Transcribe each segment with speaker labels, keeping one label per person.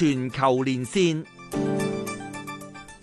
Speaker 1: 全球連線，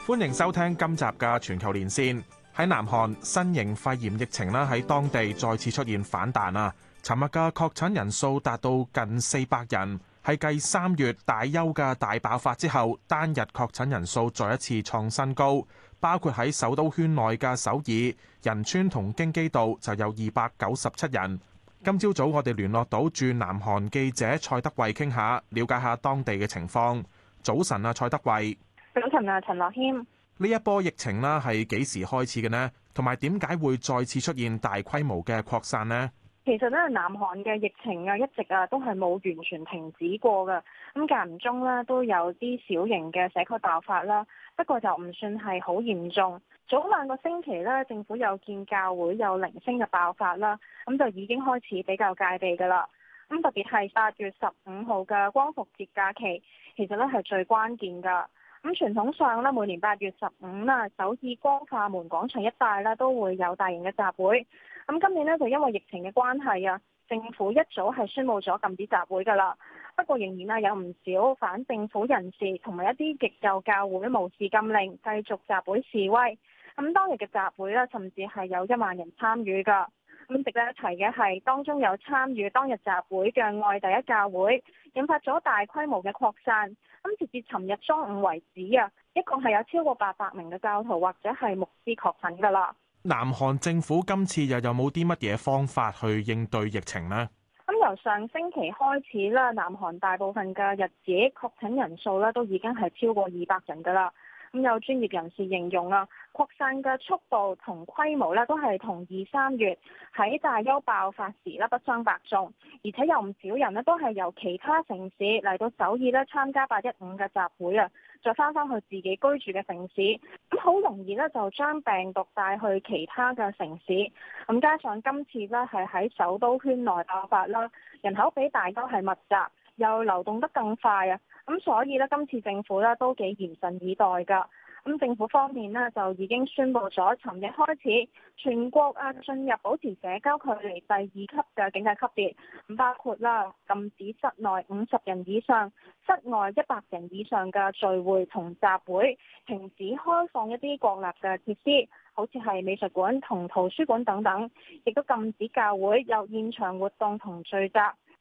Speaker 1: 歡迎收聽今集嘅全球連線。喺南韓，新型肺炎疫情咧喺當地再次出現反彈啊！尋日嘅確診人數達到近四百人，係繼三月大邱嘅大爆發之後，單日確診人數再一次創新高。包括喺首都圈內嘅首爾、仁川同京畿道就有二百九十七人。今朝早，我哋聯絡到駐南韓記者蔡德蕙傾下，了解下當地嘅情況。早晨啊，蔡德蕙。
Speaker 2: 早晨啊，陳樂謙。
Speaker 1: 呢一波疫情啦，係幾時開始嘅呢？同埋點解會再次出現大規模嘅擴散呢？
Speaker 2: 其實咧，南韓嘅疫情啊，一直啊都係冇完全停止過㗎。咁間唔中咧，都有啲小型嘅社區爆發啦。不過就唔算係好嚴重。早兩個星期咧，政府又見教會有零星嘅爆發啦，咁就已經開始比較戒備㗎啦。咁特別係八月十五號嘅光復節假期，其實咧係最關鍵㗎。咁傳統上咧，每年八月十五啊，首爾光化門廣場一帶咧都會有大型嘅集會。咁今年呢，就因為疫情嘅關係啊，政府一早係宣布咗禁止集會噶啦。不過仍然啊有唔少反政府人士同埋一啲極右教會無視禁令，繼續集會示威。咁當日嘅集會咧，甚至係有一萬人參與噶。值得一提嘅係當中有參與當日集會嘅愛第一教會，引發咗大規模嘅擴散。咁直至尋日中午為止啊，一共係有超過八百名嘅教徒或者係牧師確診噶啦。
Speaker 1: 南韓政府今次又有冇啲乜嘢方法去應對疫情呢？
Speaker 2: 咁由上星期開始啦，南韓大部分嘅日子確診人數咧都已經係超過二百人噶啦。咁有專業人士形容啊，擴散嘅速度同規模咧都係同二三月喺大邱爆發時咧不相伯仲，而且有唔少人呢都係由其他城市嚟到首爾咧參加八一五嘅集會啊。再翻返去自己居住嘅城市，咁好容易咧就將病毒帶去其他嘅城市。咁、嗯、加上今次咧係喺首都圈內爆發啦，人口比大都係密集，又流動得更快啊。咁所以咧今次政府咧都幾嚴慎以待噶。咁政府方面呢，就已經宣布咗，尋日開始全國啊進入保持社交距離第二級嘅警戒級別，包括啦禁止室內五十人以上、室外一百人以上嘅聚會同集會，停止開放一啲國立嘅設施，好似係美術館同圖書館等等，亦都禁止教會有現場活動同聚集。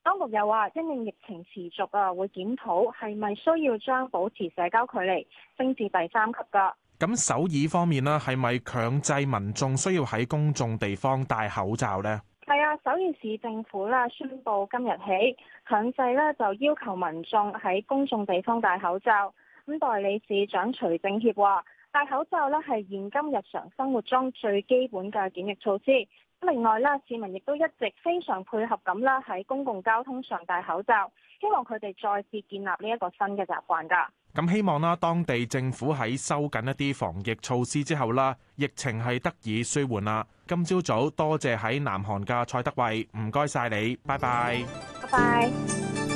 Speaker 2: 當局又話，因應疫情持續啊，會檢討係咪需要將保持社交距離升至第三級噶。
Speaker 1: 咁首爾方面咧，係咪強制民眾需要喺公眾地方戴口罩呢？
Speaker 2: 係啊，首爾市政府啦宣布今日起強制咧，就要求民眾喺公眾地方戴口罩。咁代理市長徐正協話，戴口罩呢係現今日常生活中最基本嘅檢疫措施。另外啦，市民亦都一直非常配合咁啦，喺公共交通上戴口罩，希望佢哋再次建立呢一個新嘅習慣噶。
Speaker 1: 咁希望啦，當地政府喺收緊一啲防疫措施之後啦，疫情係得以舒緩啦。今朝早多謝喺南韓嘅蔡德蕙，唔該晒你，拜拜。
Speaker 2: 拜拜。